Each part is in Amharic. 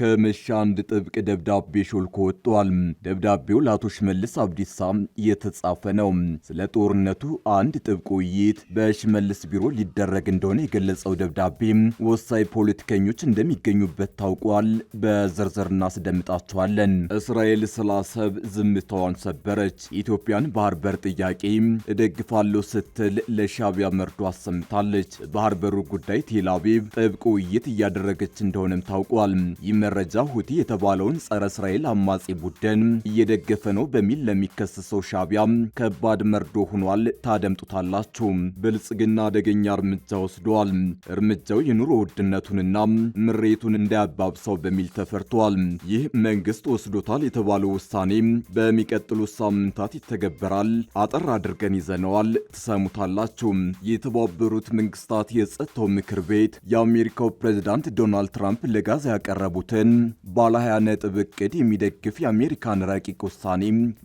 ከምሽ አንድ ጥብቅ ደብዳቤ ሾልኮ ወጥቷል። ደብዳቤው ለአቶ ሽመልስ አብዲሳ እየተጻፈ ነው። ስለ ጦርነቱ አንድ ጥብቅ ውይይት በሽመልስ ቢሮ ሊደረግ እንደሆነ የገለጸው ደብዳቤ ወሳኝ ፖለቲከኞች እንደሚገኙበት ታውቋል። በዝርዝር እናስደምጣቸዋለን። እስራኤል ስለ አሰብ ዝምታዋን ሰበረች። ኢትዮጵያን ባህር በር ጥያቄ እደግፋለሁ ስትል ለሻቢያ መርዶ አሰምታለች። ባህር በሩ ጉዳይ ቴል አቪቭ ጥብቅ ውይይት እያደረገች እንደሆነም ታውቋል። መረጃ ሁቲ የተባለውን ጸረ እስራኤል አማጺ ቡድን እየደገፈ ነው በሚል ለሚከሰሰው ሻቢያ ከባድ መርዶ ሆኗል። ታደምጡታላችሁ። ብልጽግና አደገኛ እርምጃ ወስዷል። እርምጃው የኑሮ ውድነቱንና ምሬቱን እንዳያባብሰው በሚል ተፈርቷል። ይህ መንግስት ወስዶታል የተባለው ውሳኔ በሚቀጥሉት ሳምንታት ይተገበራል። አጠር አድርገን ይዘነዋል፣ ትሰሙታላችሁ። የተባበሩት መንግስታት የጸጥታው ምክር ቤት የአሜሪካው ፕሬዚዳንት ዶናልድ ትራምፕ ለጋዛ ያቀረቡትን ሀገርን ባለ 20 ነጥብ እቅድ የሚደግፍ የአሜሪካን ረቂቅ ውሳኔ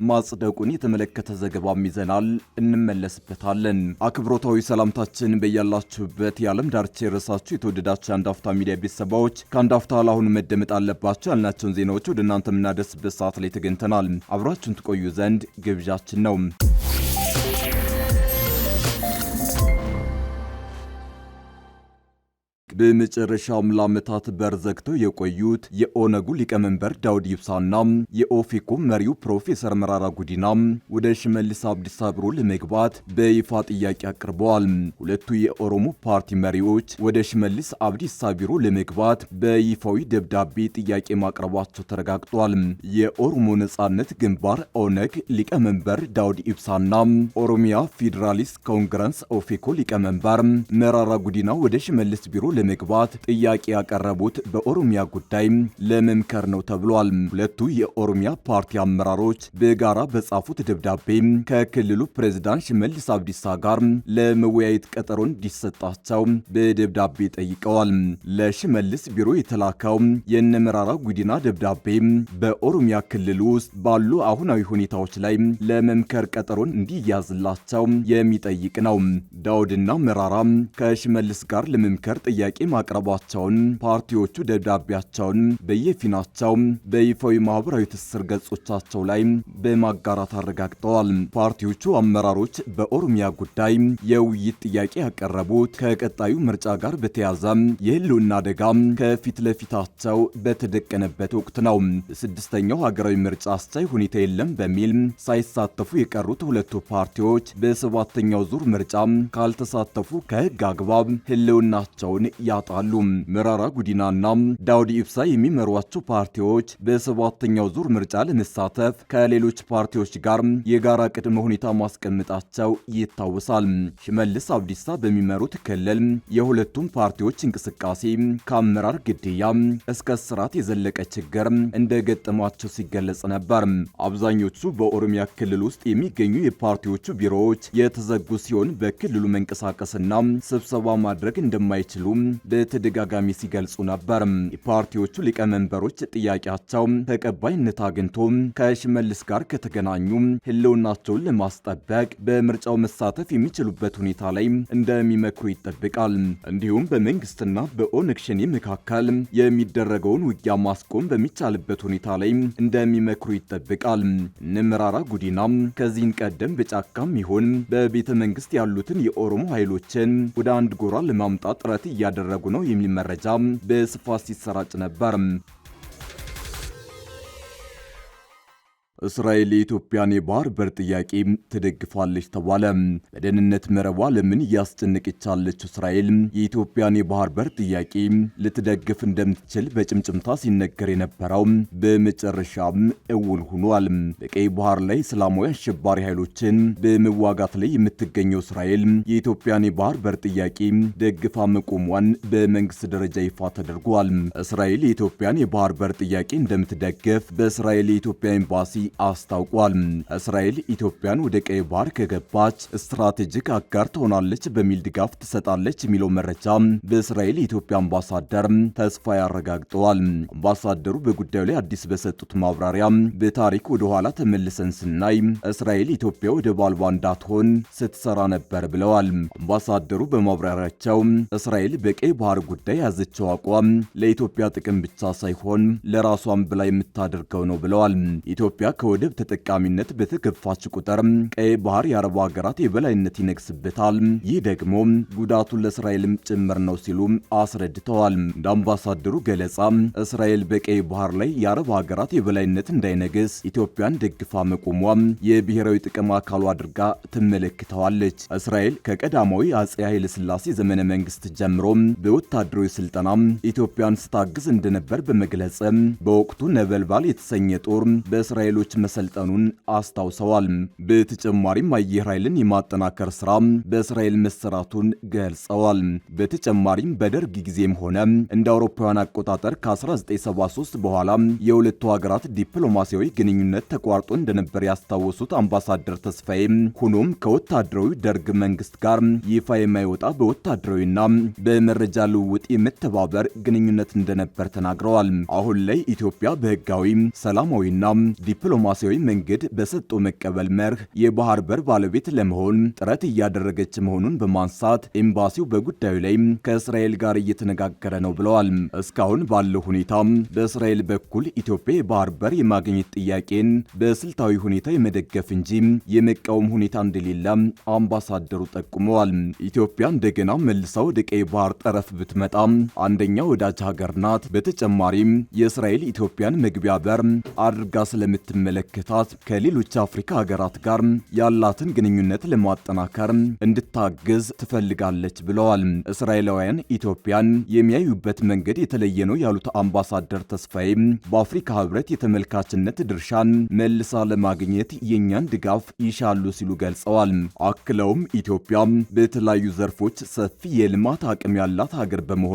ማጽደቁን የተመለከተ ዘገባም ይዘናል፣ እንመለስበታለን። አክብሮታዊ ሰላምታችን በያላችሁበት የዓለም ዳርቻ የረሳችሁ የተወደዳችሁ የአንድ አፍታ ሚዲያ ቤተሰባዎች ከአንድ አፍታ ለአሁኑ መደመጥ አለባቸው ያልናቸውን ዜናዎች ወደ እናንተ የምናደርስበት ሰዓት ላይ ተገኝተናል። አብራችሁን ትቆዩ ዘንድ ግብዣችን ነው። በመጨረሻም ለዓመታት በር ዘግተው የቆዩት የኦነጉ ሊቀመንበር ዳውድ ይብሳና የኦፌኮ መሪው ፕሮፌሰር መራራ ጉዲና ወደ ሽመልስ አብዲሳ ቢሮ ለመግባት በይፋ ጥያቄ አቅርበዋል። ሁለቱ የኦሮሞ ፓርቲ መሪዎች ወደ ሽመልስ አብዲሳ ቢሮ ለመግባት በይፋዊ ደብዳቤ ጥያቄ ማቅረባቸው ተረጋግጧል። የኦሮሞ ነጻነት ግንባር ኦነግ ሊቀመንበር ዳውድ ኢብሳና ኦሮሚያ ፌዴራሊስት ኮንግረስ ኦፌኮ ሊቀመንበር መራራ ጉዲና ወደ ሽመልስ ቢሮ ለመግባት ጥያቄ ያቀረቡት በኦሮሚያ ጉዳይ ለመምከር ነው ተብሏል። ሁለቱ የኦሮሚያ ፓርቲ አመራሮች በጋራ በጻፉት ደብዳቤ ከክልሉ ፕሬዝዳንት ሽመልስ አብዲሳ ጋር ለመወያየት ቀጠሮ እንዲሰጣቸው በደብዳቤ ጠይቀዋል። ለሽመልስ ቢሮ የተላከው የነመራራ ጉዲና ደብዳቤ በኦሮሚያ ክልል ውስጥ ባሉ አሁናዊ ሁኔታዎች ላይ ለመምከር ቀጠሮን እንዲያዝላቸው የሚጠይቅ ነው። ዳውድና መራራ ከሽመልስ ጋር ለመምከር ጥያቄ ጥያቄ ማቅረባቸውን ፓርቲዎቹ ደብዳቤያቸውን በየፊናቸው በይፋዊ ማህበራዊ ትስስር ገጾቻቸው ላይ በማጋራት አረጋግጠዋል። ፓርቲዎቹ አመራሮች በኦሮሚያ ጉዳይ የውይይት ጥያቄ ያቀረቡት ከቀጣዩ ምርጫ ጋር በተያዘ የህልውና አደጋ ከፊት ለፊታቸው በተደቀነበት ወቅት ነው። ስድስተኛው ሀገራዊ ምርጫ አስቻይ ሁኔታ የለም በሚል ሳይሳተፉ የቀሩት ሁለቱ ፓርቲዎች በሰባተኛው ዙር ምርጫ ካልተሳተፉ ከህግ አግባብ ህልውናቸውን ያጣሉ። መራራ ጉዲናና ዳውድ ኢብሳ የሚመሯቸው ፓርቲዎች በሰባተኛው ዙር ምርጫ ለመሳተፍ ከሌሎች ፓርቲዎች ጋር የጋራ ቅድመ ሁኔታ ማስቀመጣቸው ይታወሳል። ሽመልስ አብዲሳ በሚመሩት ክልል የሁለቱም ፓርቲዎች እንቅስቃሴ ከአመራር ግድያ እስከ ስርዓት የዘለቀ ችግር እንደገጠማቸው ሲገለጽ ነበር። አብዛኞቹ በኦሮሚያ ክልል ውስጥ የሚገኙ የፓርቲዎቹ ቢሮዎች የተዘጉ ሲሆን በክልሉ መንቀሳቀስና ስብሰባ ማድረግ እንደማይችሉ በተደጋጋሚ ሲገልጹ ነበር። የፓርቲዎቹ ሊቀመንበሮች ጥያቄያቸው ተቀባይነት አግኝቶ ከሽመልስ ጋር ከተገናኙ ህልውናቸውን ለማስጠበቅ በምርጫው መሳተፍ የሚችሉበት ሁኔታ ላይ እንደሚመክሩ ይጠበቃል። እንዲሁም በመንግስትና በኦነግ ሸኔ መካከል የሚደረገውን ውጊያ ማስቆም በሚቻልበት ሁኔታ ላይ እንደሚመክሩ ይጠበቃል። ንምራራ ጉዲና ከዚህን ቀደም በጫካም ይሆን በቤተ መንግስት ያሉትን የኦሮሞ ኃይሎችን ወደ አንድ ጎራ ለማምጣት ጥረት እያደ እያደረጉ ነው የሚል መረጃ በስፋት ሲሰራጭ ነበር። እስራኤል የኢትዮጵያን የባህር በር ጥያቄ ትደግፋለች ተባለ። በደህንነት መረቧ ለምን እያስጨነቀች ያለችው እስራኤል የኢትዮጵያን የባህር በር ጥያቄ ልትደግፍ እንደምትችል በጭምጭምታ ሲነገር የነበረው በመጨረሻም እውን ሆኗል። በቀይ ባህር ላይ እስላማዊ አሸባሪ ኃይሎችን በመዋጋት ላይ የምትገኘው እስራኤል የኢትዮጵያን የባህር በር ጥያቄ ደግፋ መቆሟን በመንግስት ደረጃ ይፋ ተደርጓል። እስራኤል የኢትዮጵያን የባህር በር ጥያቄ እንደምትደግፍ በእስራኤል የኢትዮጵያ ኤምባሲ አስታውቋል። እስራኤል ኢትዮጵያን ወደ ቀይ ባህር ከገባች ስትራቴጂክ አጋር ትሆናለች በሚል ድጋፍ ትሰጣለች የሚለው መረጃ በእስራኤል የኢትዮጵያ አምባሳደር ተስፋ ያረጋግጠዋል። አምባሳደሩ በጉዳዩ ላይ አዲስ በሰጡት ማብራሪያ በታሪክ ወደ ኋላ ተመልሰን ስናይ እስራኤል ኢትዮጵያ ወደብ አልባ እንዳትሆን ስትሰራ ነበር ብለዋል። አምባሳደሩ በማብራሪያቸው እስራኤል በቀይ ባህር ጉዳይ ያዘችው አቋም ለኢትዮጵያ ጥቅም ብቻ ሳይሆን ለራሷም ብላ የምታደርገው ነው ብለዋል። ኢትዮጵያ ከወደብ ተጠቃሚነት በተገፋች ቁጥር ቀይ ባህር የአረቡ ሀገራት የበላይነት ይነግስበታል። ይህ ደግሞ ጉዳቱን ለእስራኤልም ጭምር ነው ሲሉ አስረድተዋል። እንደ አምባሳደሩ ገለጻ እስራኤል በቀይ ባህር ላይ የአረብ ሀገራት የበላይነት እንዳይነግስ ኢትዮጵያን ደግፋ መቆሟ የብሔራዊ ጥቅም አካሉ አድርጋ ትመለክተዋለች። እስራኤል ከቀዳማዊ አጼ ኃይለ ሥላሴ ዘመነ መንግስት ጀምሮ በወታደራዊ ስልጠና ኢትዮጵያን ስታግዝ እንደነበር በመግለጽ በወቅቱ ነበልባል የተሰኘ ጦር በእስራኤሎች ወታደሮች መሰልጠኑን አስታውሰዋል። በተጨማሪም አየር ኃይልን የማጠናከር ስራ በእስራኤል መሰራቱን ገልጸዋል። በተጨማሪም በደርግ ጊዜም ሆነ እንደ አውሮፓውያን አቆጣጠር ከ1973 በኋላ የሁለቱ ሀገራት ዲፕሎማሲያዊ ግንኙነት ተቋርጦ እንደነበር ያስታወሱት አምባሳደር ተስፋዬ ሆኖም ከወታደራዊ ደርግ መንግስት ጋር ይፋ የማይወጣ በወታደራዊና በመረጃ ልውውጥ የመተባበር ግንኙነት እንደነበር ተናግረዋል። አሁን ላይ ኢትዮጵያ በህጋዊ ሰላማዊና ዲፕሎ ዲፕሎማሲያዊ መንገድ በሰጥቶ መቀበል መርህ የባህር በር ባለቤት ለመሆን ጥረት እያደረገች መሆኑን በማንሳት ኤምባሲው በጉዳዩ ላይ ከእስራኤል ጋር እየተነጋገረ ነው ብለዋል። እስካሁን ባለው ሁኔታ በእስራኤል በኩል ኢትዮጵያ የባህር በር የማግኘት ጥያቄን በስልታዊ ሁኔታ የመደገፍ እንጂ የመቃወም ሁኔታ እንደሌለ አምባሳደሩ ጠቁመዋል። ኢትዮጵያ እንደገና መልሳ ወደ ቀይ ባህር ጠረፍ ብትመጣ አንደኛ ወዳጅ ሀገር ናት። በተጨማሪም የእስራኤል ኢትዮጵያን መግቢያ በር አድርጋ ስለምትመ የሚመለከታት ከሌሎች አፍሪካ ሀገራት ጋር ያላትን ግንኙነት ለማጠናከር እንድታግዝ ትፈልጋለች ብለዋል። እስራኤላውያን ኢትዮጵያን የሚያዩበት መንገድ የተለየ ነው ያሉት አምባሳደር ተስፋዬም በአፍሪካ ህብረት የተመልካችነት ድርሻን መልሳ ለማግኘት የእኛን ድጋፍ ይሻሉ ሲሉ ገልጸዋል። አክለውም ኢትዮጵያ በተለያዩ ዘርፎች ሰፊ የልማት አቅም ያላት ሀገር በመሆኗ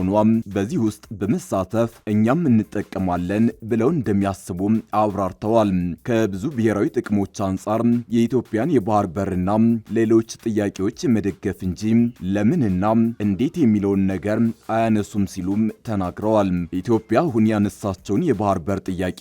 በዚህ ውስጥ በመሳተፍ እኛም እንጠቀማለን ብለው እንደሚያስቡ አብራርተዋል። ከብዙ ብሔራዊ ጥቅሞች አንጻር የኢትዮጵያን የባህር በርና ሌሎች ጥያቄዎች መደገፍ እንጂ ለምንና እንዴት የሚለውን ነገር አያነሱም ሲሉም ተናግረዋል። ኢትዮጵያ አሁን ያነሳቸውን የባህር በር ጥያቄ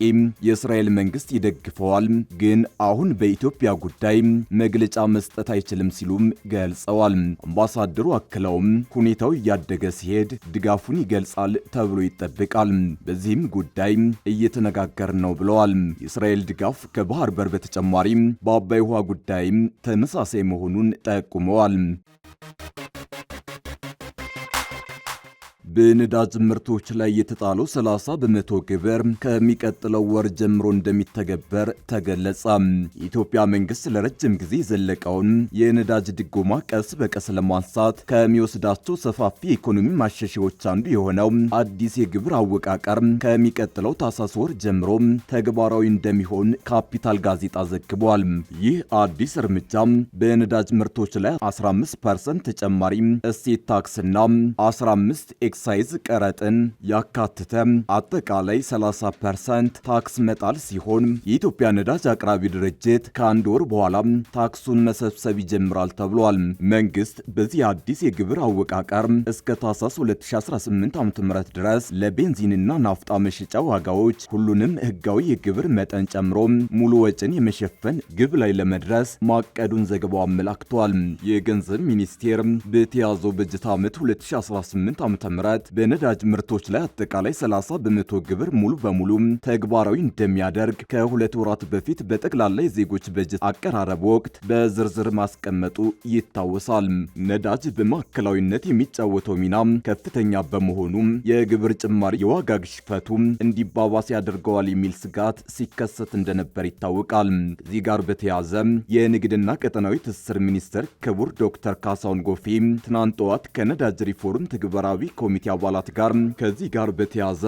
የእስራኤል መንግስት ይደግፈዋል፣ ግን አሁን በኢትዮጵያ ጉዳይ መግለጫ መስጠት አይችልም ሲሉም ገልጸዋል። አምባሳደሩ አክለውም ሁኔታው እያደገ ሲሄድ ድጋፉን ይገልጻል ተብሎ ይጠበቃል፣ በዚህም ጉዳይ እየተነጋገር ነው ብለዋል። የእስራኤል ድጋፍ ድጋፍ ከባህር በር በተጨማሪም በአባይ ውሃ ጉዳይም ተመሳሳይ መሆኑን ጠቁመዋል። በነዳጅ ምርቶች ላይ የተጣለው 30 በመቶ ግብር ከሚቀጥለው ወር ጀምሮ እንደሚተገበር ተገለጸ። የኢትዮጵያ መንግስት ለረጅም ጊዜ የዘለቀውን የነዳጅ ድጎማ ቀስ በቀስ ለማንሳት ከሚወስዳቸው ሰፋፊ የኢኮኖሚ ማሻሻያዎች አንዱ የሆነው አዲስ የግብር አወቃቀር ከሚቀጥለው ታህሳስ ወር ጀምሮ ተግባራዊ እንደሚሆን ካፒታል ጋዜጣ ዘግቧል። ይህ አዲስ እርምጃ በነዳጅ ምርቶች ላይ 15 ፐርሰንት ተጨማሪ እሴት ታክስና 15 ኤክሳይዝ ቀረጥን ያካተተ አጠቃላይ 30 ፐርሰንት ታክስ መጣል ሲሆን የኢትዮጵያ ነዳጅ አቅራቢ ድርጅት ከአንድ ወር በኋላ ታክሱን መሰብሰብ ይጀምራል ተብሏል። መንግስት በዚህ አዲስ የግብር አወቃቀር እስከ ታህሳስ 2018 ዓ.ም ድረስ ለቤንዚንና ናፍጣ መሸጫ ዋጋዎች ሁሉንም ህጋዊ የግብር መጠን ጨምሮ ሙሉ ወጪን የመሸፈን ግብ ላይ ለመድረስ ማቀዱን ዘገባው አመላክቷል። የገንዘብ ሚኒስቴር በተያዘው በጀት ዓመት 2018 ዓ.ም መሰረት በነዳጅ ምርቶች ላይ አጠቃላይ 30 በመቶ ግብር ሙሉ በሙሉ ተግባራዊ እንደሚያደርግ ከሁለት ወራት በፊት በጠቅላላ የዜጎች በጀት አቀራረብ ወቅት በዝርዝር ማስቀመጡ ይታወሳል። ነዳጅ በማዕከላዊነት የሚጫወተው ሚና ከፍተኛ በመሆኑ የግብር ጭማሪ የዋጋ ግሽፈቱ እንዲባባስ ያደርገዋል የሚል ስጋት ሲከሰት እንደነበር ይታወቃል። እዚህ ጋር በተያያዘ የንግድና ቀጠናዊ ትስስር ሚኒስትር ክቡር ዶክተር ካሳሁን ጎፌ ትናንት ጠዋት ከነዳጅ ሪፎርም ተግባራዊ ኮሚ ኮሚቴ አባላት ጋር ከዚህ ጋር በተያዘ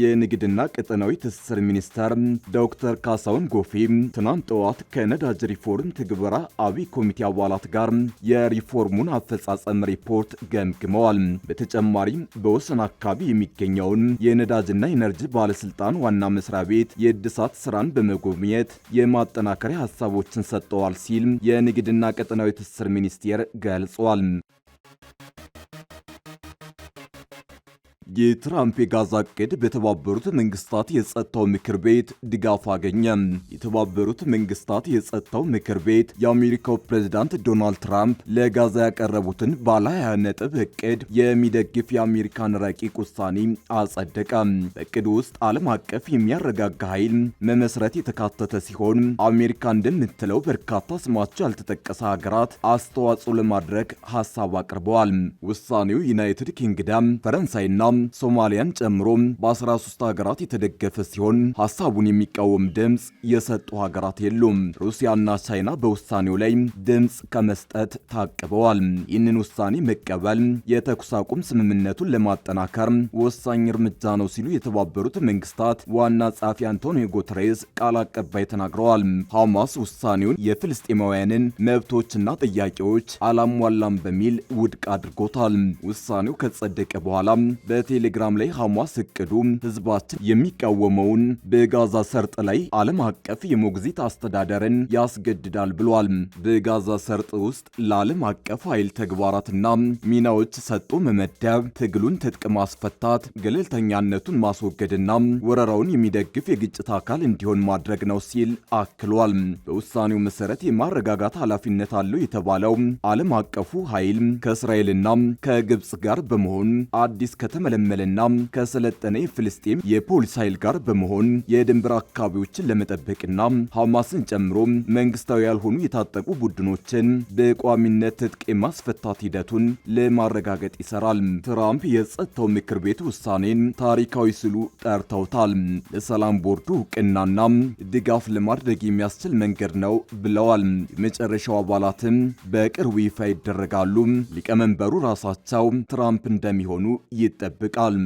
የንግድና ቀጠናዊ ትስስር ሚኒስተር ዶክተር ካሳሁን ጎፌ ትናንት ጠዋት ከነዳጅ ሪፎርም ትግበራ አብይ ኮሚቴ አባላት ጋር የሪፎርሙን አፈጻጸም ሪፖርት ገምግመዋል። በተጨማሪም በወሰን አካባቢ የሚገኘውን የነዳጅና ኤነርጂ ባለስልጣን ዋና መስሪያ ቤት የእድሳት ስራን በመጎብኘት የማጠናከሪያ ሀሳቦችን ሰጥተዋል ሲል የንግድና ቀጠናዊ ትስስር ሚኒስቴር ገልጿል። የትራምፕ የጋዛ እቅድ በተባበሩት መንግስታት የጸጥታው ምክር ቤት ድጋፍ አገኘ። የተባበሩት መንግስታት የጸጥታው ምክር ቤት የአሜሪካው ፕሬዚዳንት ዶናልድ ትራምፕ ለጋዛ ያቀረቡትን ባለ 20 ነጥብ እቅድ የሚደግፍ የአሜሪካን ረቂቅ ውሳኔ አጸደቀ። በእቅድ ውስጥ ዓለም አቀፍ የሚያረጋጋ ኃይል መመስረት የተካተተ ሲሆን አሜሪካ እንደምትለው በርካታ ስማቸው ያልተጠቀሰ ሀገራት አስተዋጽኦ ለማድረግ ሀሳብ አቅርበዋል። ውሳኔው ዩናይትድ ኪንግደም፣ ፈረንሳይና ሶማሊያን ጨምሮ በ13 ሀገራት የተደገፈ ሲሆን ሀሳቡን የሚቃወም ድምፅ የሰጡ ሀገራት የሉም። ሩሲያና ቻይና በውሳኔው ላይ ድምፅ ከመስጠት ታቅበዋል። ይህንን ውሳኔ መቀበል የተኩስ አቁም ስምምነቱን ለማጠናከር ወሳኝ እርምጃ ነው ሲሉ የተባበሩት መንግስታት ዋና ጸሐፊ አንቶኒዮ ጉተሬስ ቃል አቀባይ ተናግረዋል። ሐማስ ውሳኔውን የፍልስጤማውያንን መብቶችና ጥያቄዎች አላሟላም በሚል ውድቅ አድርጎታል። ውሳኔው ከጸደቀ በኋላ በ በቴሌግራም ላይ ሐማስ እቅዱ ህዝባችን የሚቃወመውን በጋዛ ሰርጥ ላይ ዓለም አቀፍ የሞግዚት አስተዳደርን ያስገድዳል ብሏል። በጋዛ ሰርጥ ውስጥ ለዓለም አቀፍ ኃይል ተግባራትና ሚናዎች ሰጡ መመደብ፣ ትግሉን ትጥቅ ማስፈታት፣ ገለልተኛነቱን ማስወገድና ወረራውን የሚደግፍ የግጭት አካል እንዲሆን ማድረግ ነው ሲል አክሏል። በውሳኔው መሰረት የማረጋጋት ኃላፊነት አለው የተባለው ዓለም አቀፉ ኃይል ከእስራኤልና ከግብፅ ጋር በመሆን አዲስ ከተመለ ከተመለመለና ከሰለጠነ የፍልስጤም የፖሊስ ኃይል ጋር በመሆን የድንበር አካባቢዎችን ለመጠበቅና ሐማስን ጨምሮ መንግስታዊ ያልሆኑ የታጠቁ ቡድኖችን በቋሚነት ትጥቅ የማስፈታት ሂደቱን ለማረጋገጥ ይሰራል። ትራምፕ የጸጥታው ምክር ቤት ውሳኔን ታሪካዊ ስሉ ጠርተውታል። ለሰላም ቦርዱ እውቅናና ድጋፍ ለማድረግ የሚያስችል መንገድ ነው ብለዋል። የመጨረሻው አባላትም በቅርቡ ይፋ ይደረጋሉ። ሊቀመንበሩ ራሳቸው ትራምፕ እንደሚሆኑ ይጠበቃል። ይጠብቃል።